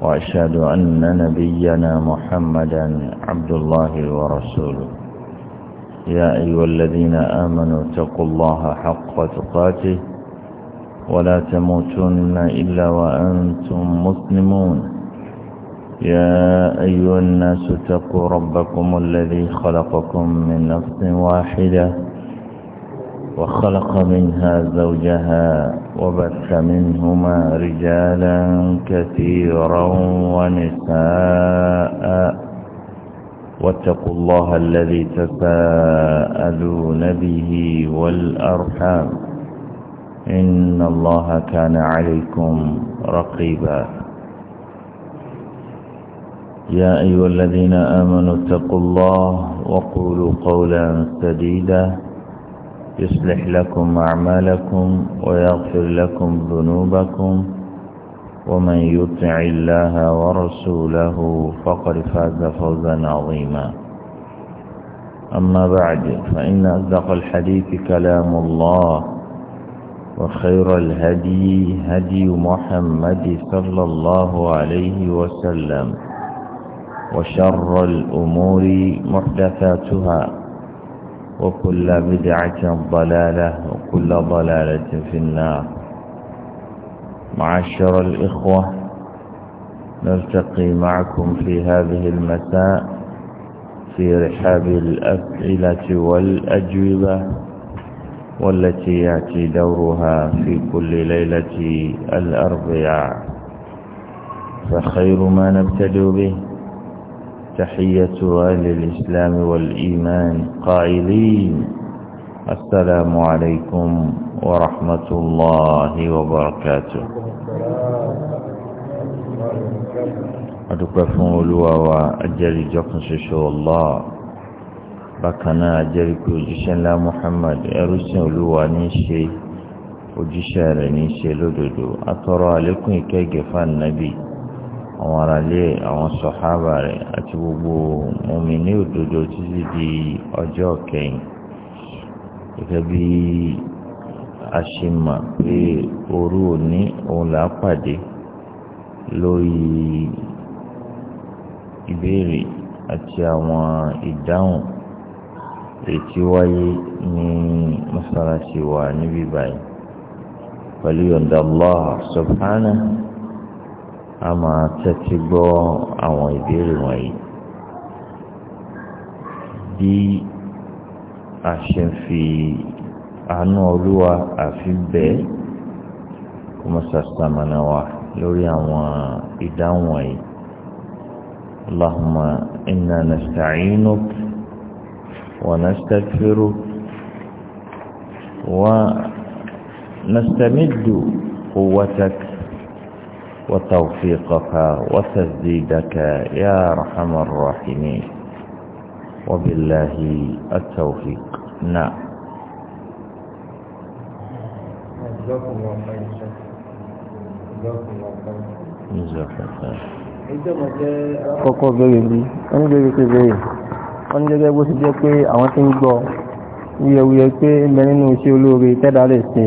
وأشهد أن نبينا محمدا عبد الله ورسوله يا أيها الذين آمنوا اتقوا الله حق تقاته ولا تموتن إلا وأنتم مسلمون يا أيها الناس اتقوا ربكم الذي خلقكم من نفس واحدة وخلق منها زوجها وبث منهما رجالا كثيرا ونساء واتقوا الله الذي تساءلون به والأرحام إن الله كان عليكم رقيبا يا أيها الذين آمنوا اتقوا الله وقولوا قولا سديدا يصلح لكم أعمالكم ويغفر لكم ذنوبكم ومن يطع الله ورسوله فقد فاز فوزا عظيما أما بعد فإن أصدق الحديث كلام الله وخير الهدي هدي محمد صلى الله عليه وسلم وشر الأمور محدثاتها وكل بدعة ضلالة وكل ضلالة في النار معاشر الإخوة نلتقي معكم في هذه المساء في رحاب الأسئلة والأجوبة والتي يأتي دورها في كل ليلة الأربعاء فخير ما نبتدئ به تحية أهل الإسلام والإيمان قائلين السلام عليكم ورحمة الله وبركاته أدقفون ألوى وأجري جقن شو الله بكنا أجري كوجشن لا محمد أرسل لوا نيشي òjíṣẹ́ rẹ̀ ní ṣe lódodo atọ́rọ àlékún ìkẹ́gẹ̀ fún àwọn aráalé àwọn sọ̀hábà rẹ̀ àti gbogbo mùmínì òdodo títí di ọjọ́ kẹyìn gẹ́gẹ́ bí a ṣe mọ̀ pé òru òní òun là pàdé lórí ìbéèrè àti àwọn ìdáhùn ètí wáyé ní mọ́sálásí wa níbí báyìí pẹ̀lú yọ̀ǹda Allah subhanahu a máa tẹ́tí gbọ́ àwọn ìbéèrè wọ̀nyí bí a ṣe ń fi àánú olúwa àfi bẹ́ẹ̀ kó mọ́ sàṣàmànà wa lórí àwọn ìdáhùn wọ̀nyí Allahumma inna nasta'inuk wa nastaghfiruk wa nastamiddu quwwatak وتوفيقك وتسديدك يا أرحم الراحمين وبالله التوفيق نعم جزاكم الله خير جزاكم الله خير جزاكم الله خير kọ́kọ́ bẹ̀rẹ̀ bí wọ́n bẹ̀rẹ̀ pé bẹ̀rẹ̀ wọ́n gẹ́gẹ́ bó ti jẹ́ pé àwọn tí ń gbọ́ wíyẹwíyẹ pé ń bẹ nínú iṣẹ́ olóore tẹ́dálẹ̀ ṣe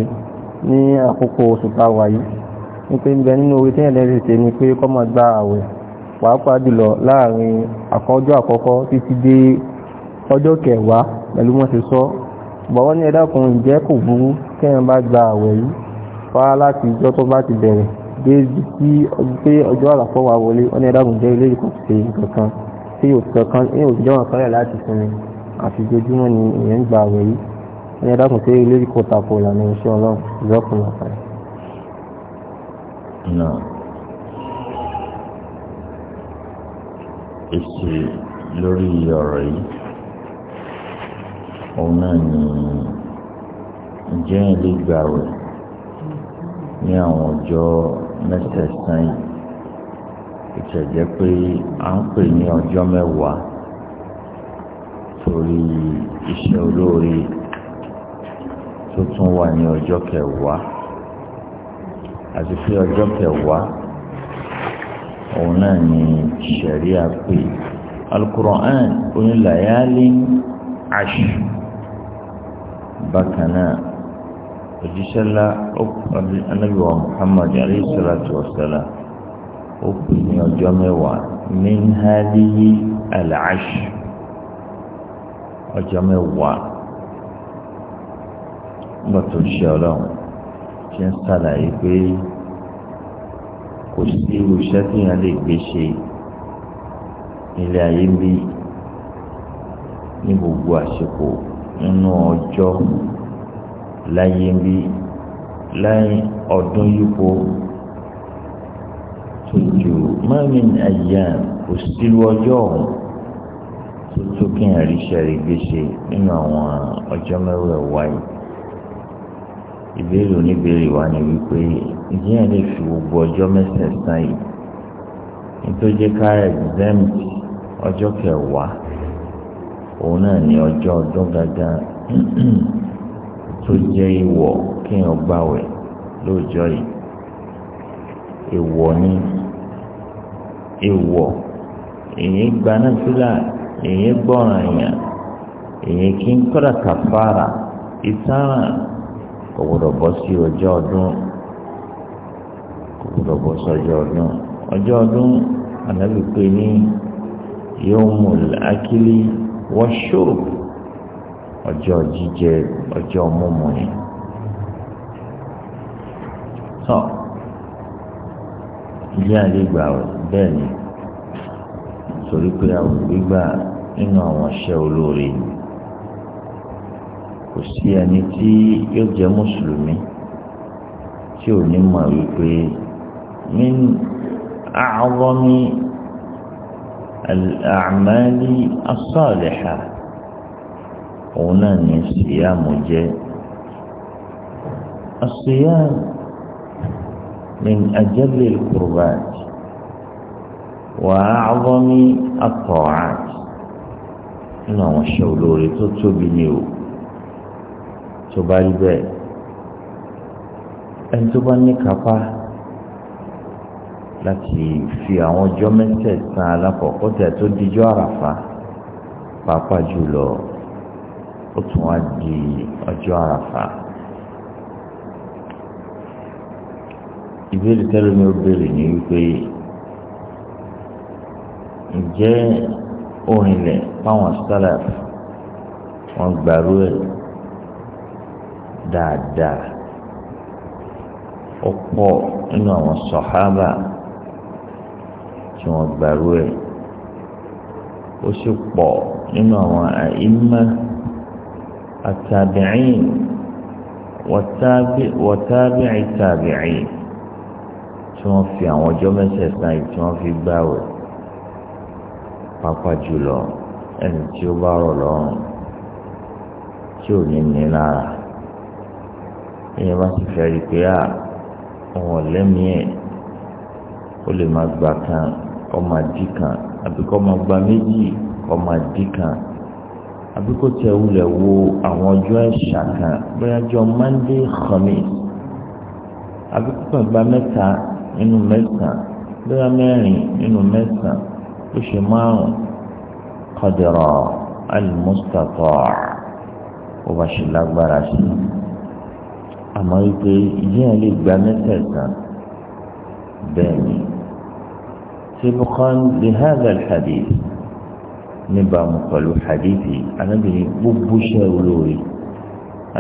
ní àkókò oṣù táwa yìí ní pé ibẹ̀ nínú orí tẹ́yìn lẹ́rìí ṣe ni pé kọ́ máa gba àwẹ̀ pàápàá jùlọ láàrin ọjọ́ àkọ́kọ́ títí dé ọjọ́ kẹwàá pẹ̀lú wọ́n ti sọ bọ̀wọ́ ní ẹ̀dàkùn ìjẹ́ kò burú tẹ́yìn bá gba àwẹ̀ yìí wá láti ìjọ tó bá ti bẹ̀rẹ̀ dé tí pé ọjọ́ àlàfọ́ wa wọlé wọ́n ní ẹ̀dàkùn jẹ́ ilé ìkọ̀ ṣe kankan tí yóò kankan ní òjò wọn kan rẹ̀ láti sinmi àti ojoojúmọ́ ni èèyàn ń gba àwẹ̀ yìí wọ́n ní ẹ̀dàkùn sí ilé ìkọ̀ tàkò ìlànà iṣẹ́ ọlọ́run ìjọkùn lọ́kàn náà èsì lórí ọ̀rọ̀ yìí òun náà ni ǹjẹ́ ilé gbàwẹ̀ ní àwọn ọjọ́ mẹ́tẹ̀ẹ̀sán yìí ìtẹ̀jẹ́ pé à ń pè ní ọjọ́ mẹ́wàá torí iṣẹ́ olóore tó tún wà ní ọjọ́ kẹwàá àti pé ọjọ́ kẹwàá òun náà ni sẹ̀ríà pé alukur'an onílàyálì àṣù bákan náà òjíṣẹ́ ńlá anábìwá muhammad alayhi salatu wa salam ó pè ní ọjọ́ mẹ́wàá min hadihi ọjọ́ mẹ́wàá gbọ́tò ṣe ọlọ́run ṣe ń ṣàlàyé pé kò sí irú iṣẹ́ tí èèyàn lè gbé ṣe ilé ayé ń bí ní gbogbo àsìkò nínú ọjọ́ láyé ń bí láyé ọdún yípo tójú mọ́mí àyà kò sí irú ọjọ́ ọ̀hún tó kí n àríṣẹ́ rẹ̀ gbé ṣe nínú àwọn ọjọ́ mẹ́wẹ̀ẹ́wá yìí. ìbéèrè oníbéèrè wa ni wípé ǹjẹ́ ẹ̀ lè fi gbogbo ọjọ́ mẹ́sẹ̀ẹ̀sán yìí nítorí ká exempt ọjọ́ kẹwàá òun náà ní ọjọ́ ọdún gangan tó jẹ́ ìwọ̀ kéèyàn gbàwẹ̀ lóòjọ́ yìí ìwọ̀ ni ìwọ̀ èyí èyí gbọ́ràn èyí kò gbọdọ̀ bọ́ sí ọjọ́ ọdún kò gbọdọ̀ bọ́ sí ọjọ́ ọdún ọjọ́ ọdún ànábì pé ní yomul akili washurb ọjọ́ jíjẹ ọjọ́ mímu ni. tọ́ ilé àlégbà bẹ́ẹ̀ ni torí pé àwọn gbígbà nínú àwọn iṣẹ́ olóore ni kò sí ẹni tí yóò jẹ́ mùsùlùmí tí ò ní mọ̀ wípé min a'zami al-a'mali as-salihah òun náà ní síyàmù jẹ́ as min ajalli al-qurbat wa a'zami at nínú àwọn aṣọ olóore tó tóbi ní o tó bá rí bẹ́ẹ̀ ẹni tó bá ní kápá láti fi àwọn ọjọ́ mẹ́tẹ̀ẹ̀ta alákọ̀ọ́kọ́ tẹ̀ tó dijọ́ àràfà pàápàá jùlọ ó tún wá di ọjọ́ àràfà. ìbéèrè tẹ́lẹ̀ mi ó béèrè ní wípé ǹjẹ́ orinlẹ̀ fáwọn sálà wọn gbàrú ẹ̀ dáadáa ó pọ̀ nínú àwọn sọ̀hábà tí wọ́n gbàrú ẹ̀ ó sì pọ̀ nínú àwọn àìmá àtàbíìn wọ̀tábíì tàbíì tí wọ́n fi àwọn ọjọ́ mẹ́sẹ̀ẹ̀sán yìí tí wọ́n fi gbàwẹ̀ pàápàá jùlọ ẹni tí ó bá rọ̀ lọ́rùn tí ò ní ní lára èèyàn bá ti fẹ́ rí i pé à wọn lẹ́mìí ẹ̀ ó lè máa gbà kan kọ́ máa dì kan àbí kọ́ máa gba méjì kọ́ máa dì kan àbí kò tiẹ̀ wulẹ̀ wo àwọn ọjọ́ ẹ̀ṣà kan bóyá jọ mande khamis àbí kò gba mẹ́ta nínú mẹ́sàn-án bóyá mẹ́rin nínú mẹ́sàn-án ó ṣe márùn-ún qadra al-mustata' bá ṣe lágbára sí i àmọ́ wípé ìyẹn lè gba mẹ́tẹ̀ẹ̀ta bẹ́ẹ̀ ni sibqan li hadha al-hadith níbàámu pẹ̀lú hadithi anábìrin gbogbo iṣẹ́ olóore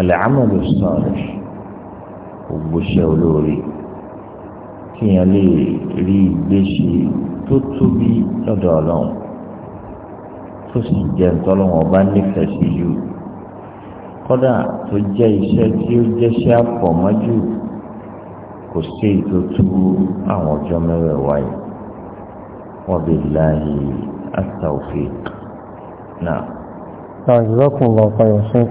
al-amalu salih gbogbo iṣẹ́ olóore kíyàn lè rí ìgbésí tó tóbi lọ́dọ̀ ọlọ́run tó sì jẹ́ ntọ́lọ́wọ́n ọba nífẹ̀ẹ́ sí yìí kọ́dà tó jẹ́ iṣẹ́ tí ó jẹ́ṣẹ́ àpọ̀mọ́jù kò sí ètò tú àwọn ọjọ́ mẹ́wẹ̀ẹ̀wá yìí wọ́n bè láàyè àtàwọ̀fẹ́ náà. náà ìjọba kùn lọ fọyọ̀ sí.